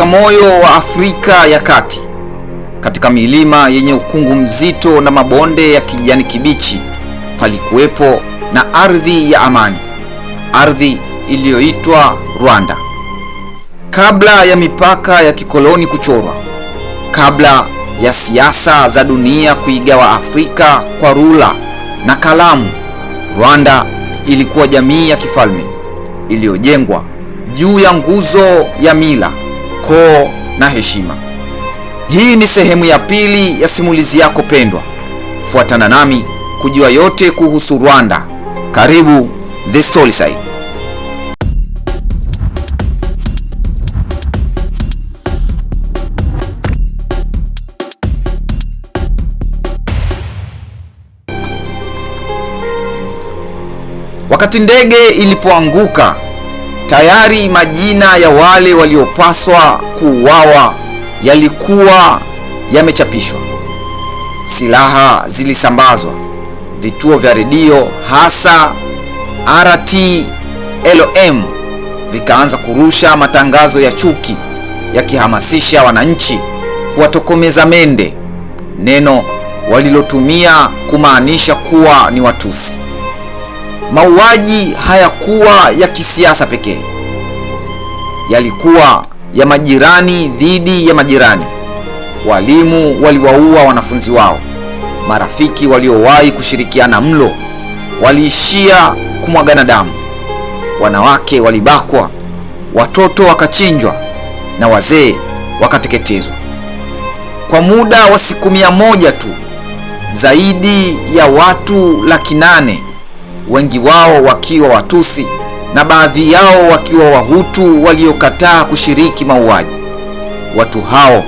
katika moyo wa Afrika ya Kati, katika milima yenye ukungu mzito na mabonde ya kijani kibichi, palikuwepo na ardhi ya amani, ardhi iliyoitwa Rwanda. Kabla ya mipaka ya kikoloni kuchorwa, kabla ya siasa za dunia kuigawa Afrika kwa rula na kalamu, Rwanda ilikuwa jamii ya kifalme iliyojengwa juu ya nguzo ya mila, ukoo na heshima. Hii ni sehemu ya pili ya simulizi yako pendwa. Fuatana nami kujua yote kuhusu Rwanda. Karibu The Side. Wakati ndege ilipoanguka Tayari majina ya wale waliopaswa kuuawa yalikuwa yamechapishwa. Silaha zilisambazwa. Vituo vya redio hasa RTLM vikaanza kurusha matangazo ya chuki yakihamasisha wananchi kuwatokomeza mende, neno walilotumia kumaanisha kuwa ni Watusi mauaji hayakuwa ya kisiasa pekee, yalikuwa ya majirani dhidi ya majirani. Walimu waliwaua wanafunzi wao, marafiki waliowahi kushirikiana mlo waliishia kumwagana damu, wanawake walibakwa, watoto wakachinjwa na wazee wakateketezwa. Kwa muda wa siku mia moja tu zaidi ya watu laki nane wengi wao wakiwa Watusi na baadhi yao wakiwa Wahutu waliokataa kushiriki mauaji. Watu hao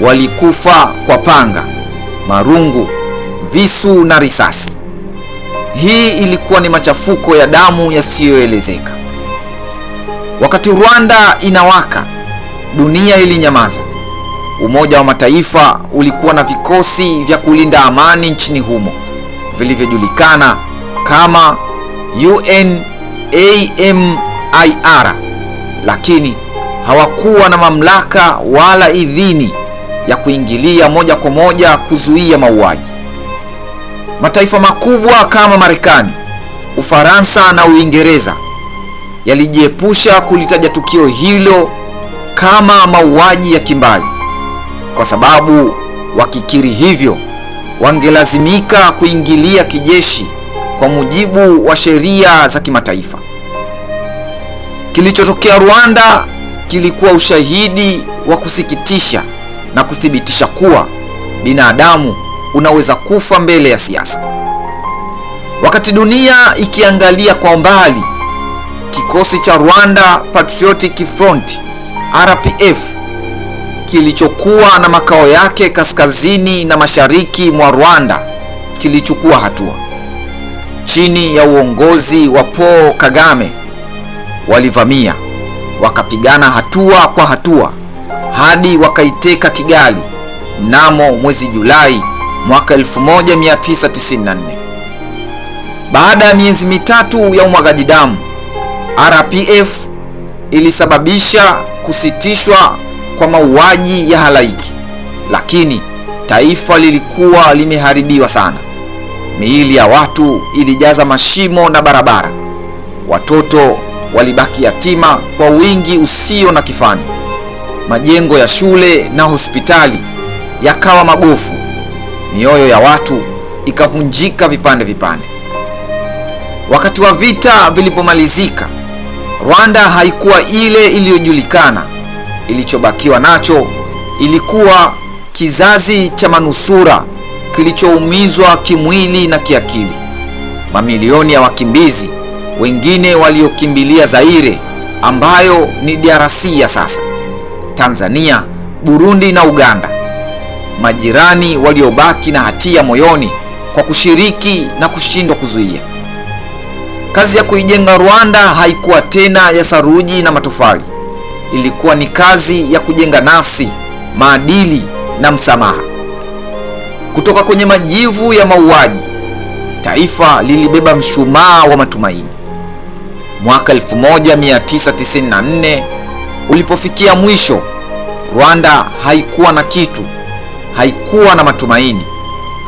walikufa kwa panga, marungu, visu na risasi. Hii ilikuwa ni machafuko ya damu yasiyoelezeka. Wakati Rwanda inawaka, dunia ilinyamaza. Umoja wa Mataifa ulikuwa na vikosi vya kulinda amani nchini humo vilivyojulikana kama UNAMIR, lakini hawakuwa na mamlaka wala idhini ya kuingilia moja kwa moja kuzuia mauaji. Mataifa makubwa kama Marekani, Ufaransa na Uingereza yalijiepusha kulitaja tukio hilo kama mauaji ya kimbali, kwa sababu wakikiri hivyo wangelazimika kuingilia kijeshi kwa mujibu wa sheria za kimataifa. Kilichotokea Rwanda kilikuwa ushahidi wa kusikitisha na kuthibitisha kuwa binadamu unaweza kufa mbele ya siasa. Wakati dunia ikiangalia kwa mbali, kikosi cha Rwanda Patriotic Front RPF kilichokuwa na makao yake kaskazini na mashariki mwa Rwanda kilichukua hatua chini ya uongozi wa Paul Kagame walivamia, wakapigana hatua kwa hatua hadi wakaiteka Kigali mnamo mwezi Julai mwaka 1994. Baada ya miezi mitatu ya umwagaji damu, RPF ilisababisha kusitishwa kwa mauaji ya halaiki, lakini taifa lilikuwa limeharibiwa sana. Miili ya watu ilijaza mashimo na barabara. Watoto walibaki yatima kwa wingi usio na kifani. Majengo ya shule na hospitali yakawa magofu. Mioyo ya watu ikavunjika vipande vipande. Wakati wa vita vilipomalizika, Rwanda haikuwa ile iliyojulikana. Ilichobakiwa nacho ilikuwa kizazi cha manusura kilichoumizwa kimwili na kiakili. Mamilioni ya wakimbizi wengine waliokimbilia Zaire ambayo ni DRC ya sasa, Tanzania, Burundi na Uganda, majirani waliobaki na hatia moyoni kwa kushiriki na kushindwa kuzuia. Kazi ya kuijenga Rwanda haikuwa tena ya saruji na matofali. Ilikuwa ni kazi ya kujenga nafsi, maadili na msamaha. Kutoka kwenye majivu ya mauaji, taifa lilibeba mshumaa wa matumaini. Mwaka 1994 ulipofikia mwisho, Rwanda haikuwa na kitu, haikuwa na matumaini,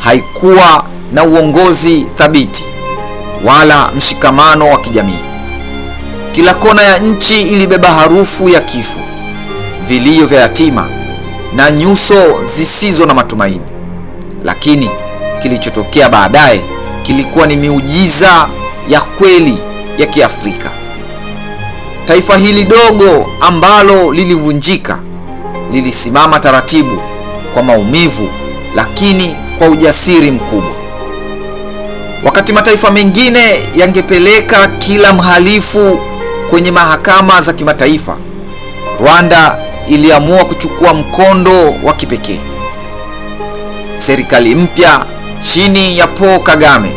haikuwa na uongozi thabiti wala mshikamano wa kijamii. Kila kona ya nchi ilibeba harufu ya kifo, vilio vya yatima na nyuso zisizo na matumaini lakini kilichotokea baadaye kilikuwa ni miujiza ya kweli ya Kiafrika. Taifa hili dogo ambalo lilivunjika lilisimama taratibu kwa maumivu, lakini kwa ujasiri mkubwa. Wakati mataifa mengine yangepeleka kila mhalifu kwenye mahakama za kimataifa, Rwanda iliamua kuchukua mkondo wa kipekee. Serikali mpya chini ya Paul Kagame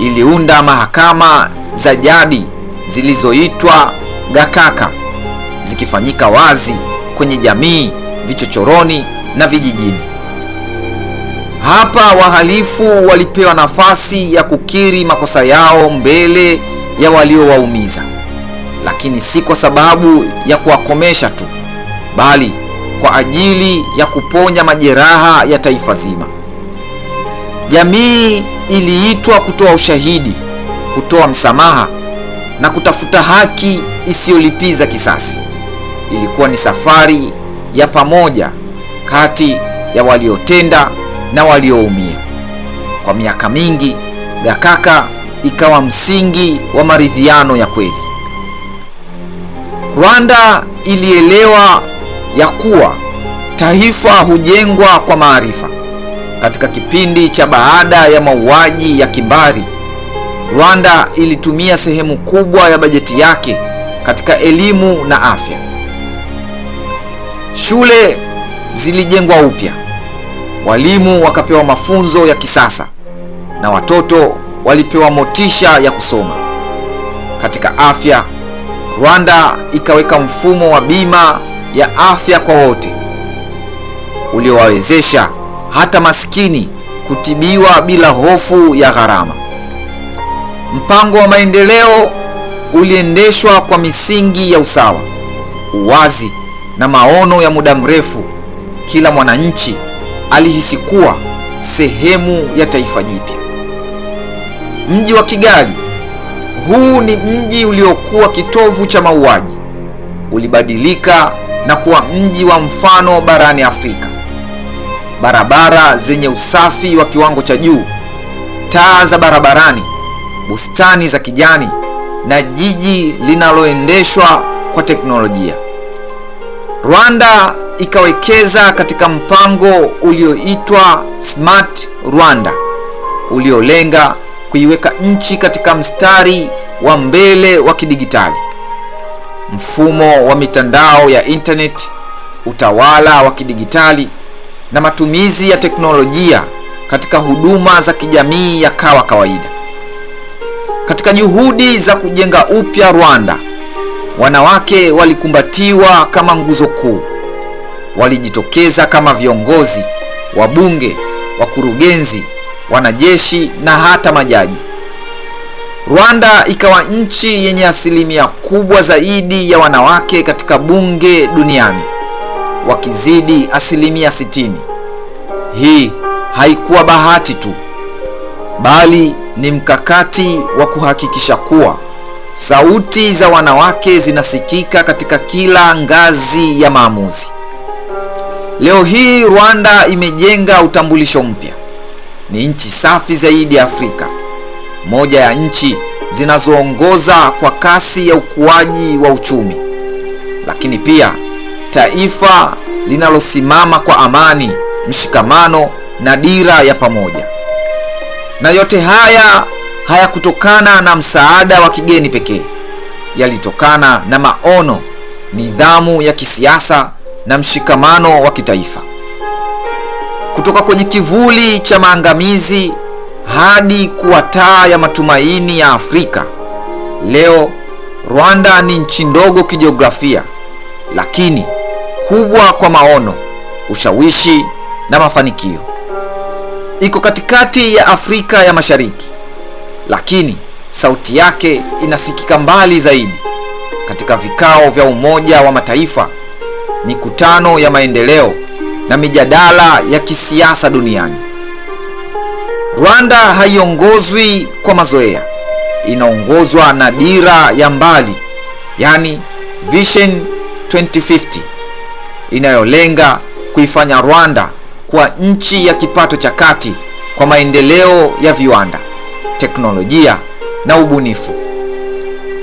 iliunda mahakama za jadi zilizoitwa Gakaka, zikifanyika wazi kwenye jamii, vichochoroni na vijijini. Hapa wahalifu walipewa nafasi ya kukiri makosa yao mbele ya waliowaumiza, lakini si kwa sababu ya kuwakomesha tu, bali kwa ajili ya kuponya majeraha ya taifa zima. Jamii iliitwa kutoa ushahidi, kutoa msamaha na kutafuta haki isiyolipiza kisasi. Ilikuwa ni safari ya pamoja kati ya waliotenda na walioumia. Kwa miaka mingi, Gakaka ikawa msingi wa maridhiano ya kweli. Rwanda ilielewa ya kuwa taifa hujengwa kwa maarifa. Katika kipindi cha baada ya mauaji ya kimbari, Rwanda ilitumia sehemu kubwa ya bajeti yake katika elimu na afya. Shule zilijengwa upya, walimu wakapewa mafunzo ya kisasa na watoto walipewa motisha ya kusoma. Katika afya, Rwanda ikaweka mfumo wa bima ya afya kwa wote uliowawezesha hata maskini kutibiwa bila hofu ya gharama. Mpango wa maendeleo uliendeshwa kwa misingi ya usawa, uwazi na maono ya muda mrefu. Kila mwananchi alihisi kuwa sehemu ya taifa jipya. Mji wa Kigali, huu ni mji uliokuwa kitovu cha mauaji, ulibadilika na kuwa mji wa mfano barani Afrika. Barabara zenye usafi wa kiwango cha juu, taa za barabarani, bustani za kijani na jiji linaloendeshwa kwa teknolojia. Rwanda ikawekeza katika mpango ulioitwa Smart Rwanda uliolenga kuiweka nchi katika mstari wa mbele wa kidigitali mfumo wa mitandao ya internet, utawala wa kidigitali na matumizi ya teknolojia katika huduma za kijamii yakawa kawaida. Katika juhudi za kujenga upya Rwanda, wanawake walikumbatiwa kama nguzo kuu. Walijitokeza kama viongozi, wabunge, wakurugenzi, wanajeshi na hata majaji. Rwanda ikawa nchi yenye asilimia kubwa zaidi ya wanawake katika bunge duniani wakizidi asilimia 60. Hii haikuwa bahati tu, bali ni mkakati wa kuhakikisha kuwa sauti za wanawake zinasikika katika kila ngazi ya maamuzi. Leo hii Rwanda imejenga utambulisho mpya, ni nchi safi zaidi ya Afrika moja ya nchi zinazoongoza kwa kasi ya ukuaji wa uchumi, lakini pia taifa linalosimama kwa amani, mshikamano na dira ya pamoja. Na yote haya hayakutokana na msaada wa kigeni pekee, yalitokana na maono, nidhamu ya kisiasa na mshikamano wa kitaifa. Kutoka kwenye kivuli cha maangamizi hadi kuwa taa ya matumaini ya Afrika. Leo Rwanda ni nchi ndogo kijiografia, lakini kubwa kwa maono, ushawishi na mafanikio. Iko katikati ya Afrika ya Mashariki, lakini sauti yake inasikika mbali zaidi katika vikao vya Umoja wa Mataifa, mikutano ya maendeleo na mijadala ya kisiasa duniani. Rwanda haiongozwi kwa mazoea, inaongozwa na dira ya mbali, yani Vision 2050 inayolenga kuifanya Rwanda kuwa nchi ya kipato cha kati kwa maendeleo ya viwanda, teknolojia na ubunifu.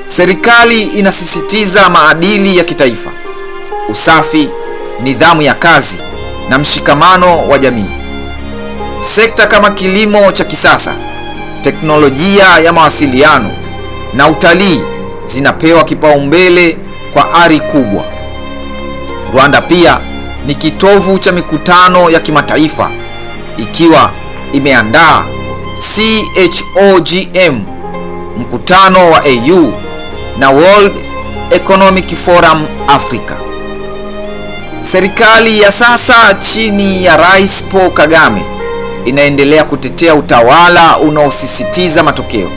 Serikali inasisitiza maadili ya kitaifa, usafi, nidhamu ya kazi na mshikamano wa jamii. Sekta kama kilimo cha kisasa, teknolojia ya mawasiliano na utalii zinapewa kipaumbele kwa ari kubwa. Rwanda pia ni kitovu cha mikutano ya kimataifa ikiwa imeandaa CHOGM, mkutano wa AU na World Economic Forum Africa. Serikali ya sasa chini ya Rais Paul Kagame inaendelea kutetea utawala unaosisitiza matokeo.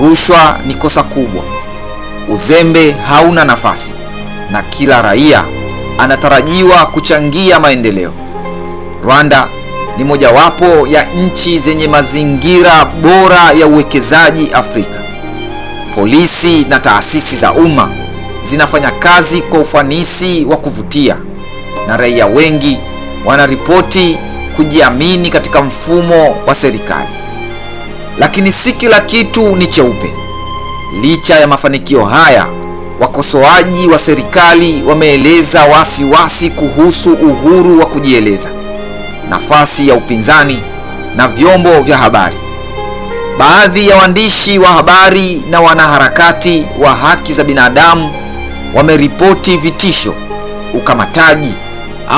Rushwa ni kosa kubwa, uzembe hauna nafasi, na kila raia anatarajiwa kuchangia maendeleo. Rwanda ni mojawapo ya nchi zenye mazingira bora ya uwekezaji Afrika. Polisi na taasisi za umma zinafanya kazi kwa ufanisi wa kuvutia, na raia wengi wanaripoti kujiamini katika mfumo wa serikali, lakini si kila kitu ni cheupe. Licha ya mafanikio haya, wakosoaji wa serikali wameeleza wasiwasi kuhusu uhuru wa kujieleza, nafasi ya upinzani na vyombo vya habari. Baadhi ya waandishi wa habari na wanaharakati wa haki za binadamu wameripoti vitisho, ukamataji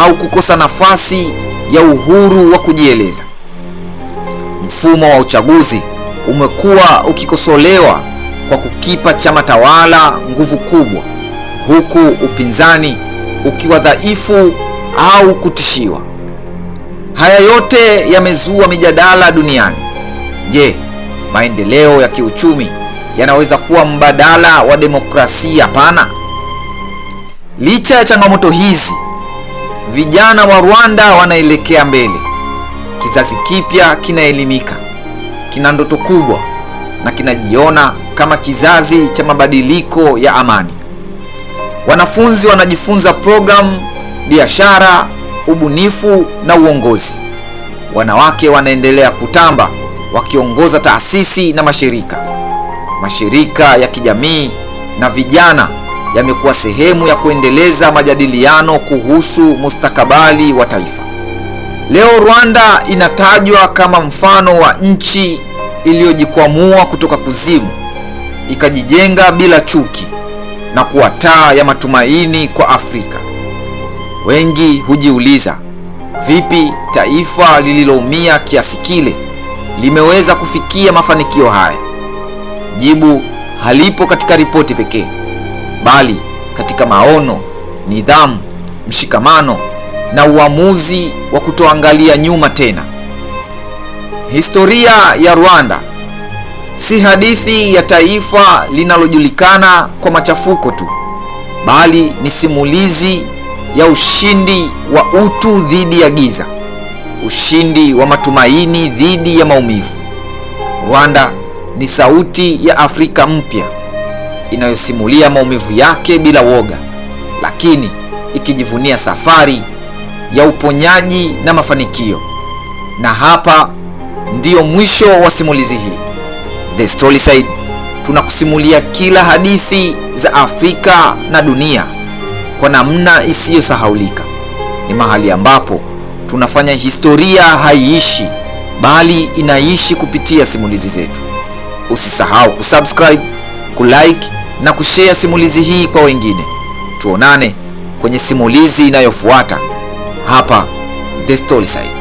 au kukosa nafasi ya uhuru wa kujieleza. Mfumo wa uchaguzi umekuwa ukikosolewa kwa kukipa chama tawala nguvu kubwa, huku upinzani ukiwa dhaifu au kutishiwa. Haya yote yamezua mijadala duniani. Je, maendeleo ya kiuchumi yanaweza kuwa mbadala wa demokrasia pana? Licha ya changamoto hizi Vijana wa Rwanda wanaelekea mbele, kizazi kipya kinaelimika, kina ndoto kubwa na kinajiona kama kizazi cha mabadiliko ya amani. Wanafunzi wanajifunza programu, biashara, ubunifu na uongozi. Wanawake wanaendelea kutamba wakiongoza taasisi na mashirika, mashirika ya kijamii na vijana yamekuwa sehemu ya kuendeleza majadiliano kuhusu mustakabali wa taifa. Leo Rwanda inatajwa kama mfano wa nchi iliyojikwamua kutoka kuzimu, ikajijenga bila chuki na kuwa taa ya matumaini kwa Afrika. Wengi hujiuliza, vipi taifa lililoumia kiasi kile limeweza kufikia mafanikio haya? Jibu halipo katika ripoti pekee bali katika maono, nidhamu, mshikamano na uamuzi wa kutoangalia nyuma tena. Historia ya Rwanda si hadithi ya taifa linalojulikana kwa machafuko tu, bali ni simulizi ya ushindi wa utu dhidi ya giza, ushindi wa matumaini dhidi ya maumivu. Rwanda ni sauti ya Afrika mpya inayosimulia maumivu yake bila woga, lakini ikijivunia safari ya uponyaji na mafanikio. Na hapa ndiyo mwisho wa simulizi hii. The Storyside tunakusimulia kila hadithi za Afrika na dunia kwa namna isiyosahaulika. Ni mahali ambapo tunafanya historia haiishi, bali inaishi kupitia simulizi zetu. Usisahau kusubscribe kulike na kushare simulizi hii kwa wengine. Tuonane kwenye simulizi inayofuata hapa The Side.